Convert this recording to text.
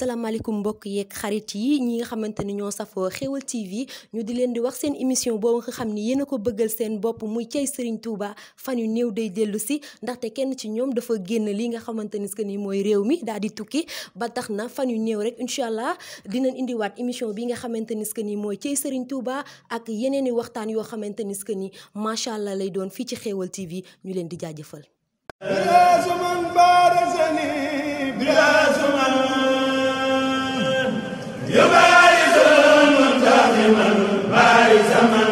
salaamaaleykum mbokk yeeg xarit yi ñi nga xamante ni ñoo safoo xéwal TV ñu di leen di wax seen émission boobu nga xam ni yéen ko bëggal seen bopp muy cey Serigne Touba fan yu néew day dellu si ndaxte kenn ci ñoom dafa génn li nga xamante ni que ni mooy réew daal di tukki ba tax na fan yu néew rek incha allah dinañ indiwaat émission bi nga xamante ni que ni mooy cey Serigne ak yeneeni waxtaan yoo xamante ni que ni macha allah lay doon fii ci xéwal TV ñu leen di jaajëfal. يبارز المنتظم بارز من